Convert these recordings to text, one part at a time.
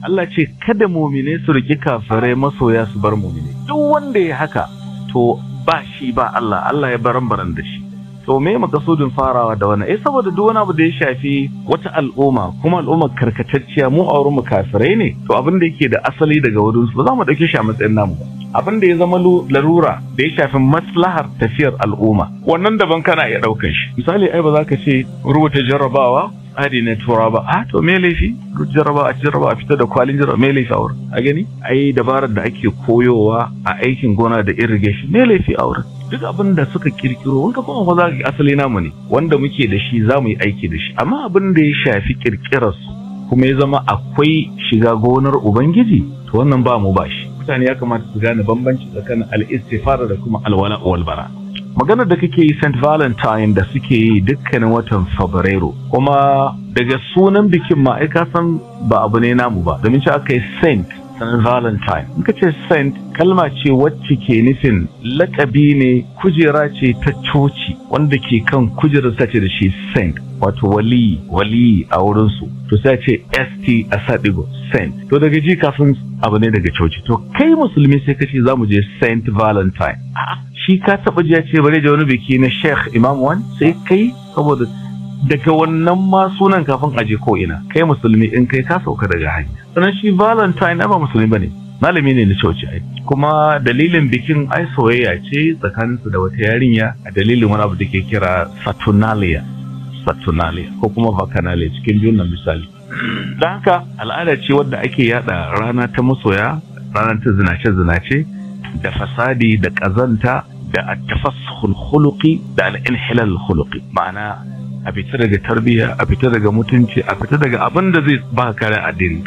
Allah ce kada mumine su riƙe kafirai masoya su bar mumine duk wanda ya haka to ba shi ba Allah Allah ya baran baran da shi to me makasudin farawa da wannan eh saboda duk wani abu da ya shafi wata al'umma kuma al'ummar karkatacciya mu a wurin kafirai ne to abin da yake da asali daga wurin su ba za mu dauke shi a matsayin namu abin da ya zama larura da ya shafi maslahar tafiyar al'umma wannan daban kana iya ɗaukar shi misali ai ba za ka ce rubuta jarrabawa tsari na tura ba a ah, to me laifi jarraba a jarraba a fita da kwalin jarraba me laifi a wurin a gani ai dabarar da ake koyowa a aikin gona da irrigation me laifi a wurin duk abin da suka kirkiro wanka kuma ba za ka asali namu ne wanda muke da shi za mu yi aiki da shi amma abin da ya shafi kirkirar su kuma ya zama akwai shiga gonar ubangiji to wannan ba mu ba shi mutane ya kamata su gane bambanci tsakanin al-istifara da kuma alwala wal bara maganar da kake yi St. Valentine da suke yi dukkanin watan Fabrairu kuma daga sunan bikin ma ka san ba abu ne namu ba domin shi aka yi St. Valentine in ka ce st kalma ce wacce ke nufin lakabi ne kujera ce ta coci wanda ke kan kujerar sace da shi st wato wali wali a wurinsu to sai ce st a sadigo Saint to daga ji kafin abu ne daga coci to kai musulmi sai kace za mu je Saint Valentine shi ka taba ji ya ce bare da wani biki na sheikh imam wani sai kai saboda daga wannan ma sunan kafin aje ko ina kai musulmi in kai ka sauka daga hanya sannan shi valentine ba musulmi bane malami ne na coci ai kuma dalilin bikin ai soyayya ce tsakaninsu da wata yarinya a dalilin wani abu da ke kira saturnalia saturnalia ko kuma bacchanalia cikin biyun nan misali don haka al'ada ce wadda ake yada rana ta masoya rana ta zinace zinace da fasadi da ƙazanta da attafassukul khuluqi da al-inhilal khuluqi ma'ana a fita daga tarbiyya a fita daga mutunci a fita daga abin da zai ba kare addini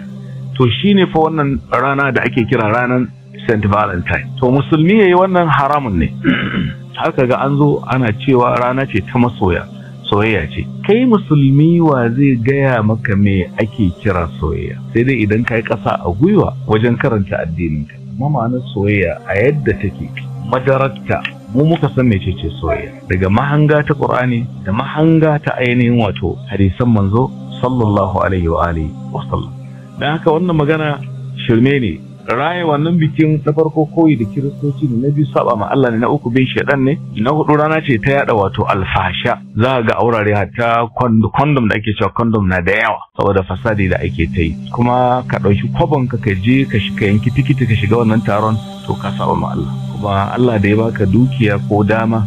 to shine fa wannan rana da ake kira ranar Saint Valentine to musulmi yayi wannan haramun ne haka ga an zo ana cewa rana ce ta masoya soyayya ce kai musulmi wa zai gaya maka me ake kira soyayya sai dai idan kai ƙasa a gwiwa wajen karanta addininka ma ma'anar soyayya a yadda take madararta mu muka san mecece soyayya daga mahanga ta qur'ani da mahanga ta ainihin wato hadisan manzo sallallahu alaihi wa alihi wa sallam dan haka wannan magana shirme ne raye wannan bikin na farko koyi da kiristoci ne na biyu saba ma Allah ne na uku bin shaidan ne na hudu rana ce ta yada wato alfasha za ga aurare hatta condom da ake cewa Condom na da yawa saboda fasadi da ake ta yi kuma ka ɗauki kwabon ka je ka yanki tikiti ka shiga wannan taron to ka saba ma Allah kuma Allah da ya baka dukiya ko dama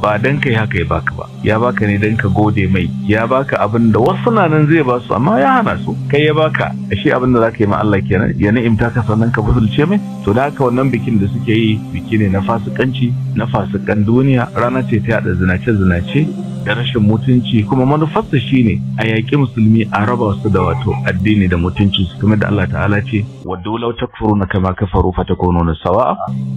ba dan kai haka ya baka ba ya baka ne dan ka gode mai ya baka abin da wasu na nan zai basu amma ya hana su kai ya baka ashe abin da zaka yi ma Allah kenan ya ni'imta ka sannan ka butulce mai to da haka wannan bikin da suke yi biki ne na fasikanci na fasikan duniya rana ce ta yada zinace zinace da rashin mutunci kuma manufarsa shine a yaƙi musulmi a raba su da wato addini da mutunci su kuma da Allah ta'ala ce wa dawlau takfuruna kama kafaru takunu sawa'a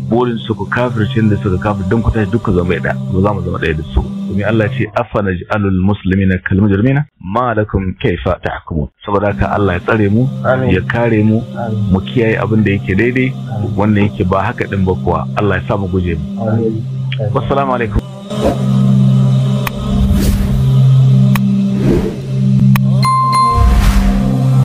burin su ku kafircin da suka kafir don ku tashi duka zama ɗaya ba za mu zama ɗaya da su kuma Allah ce afana alul muslimina kal mujrimina ma lakum kaifa tahkumun saboda haka Allah ya tsare mu ya kare mu mu kiyaye abin da yake daidai wanda yake ba haka din ba kuwa Allah ya sa mu guje mu assalamu alaikum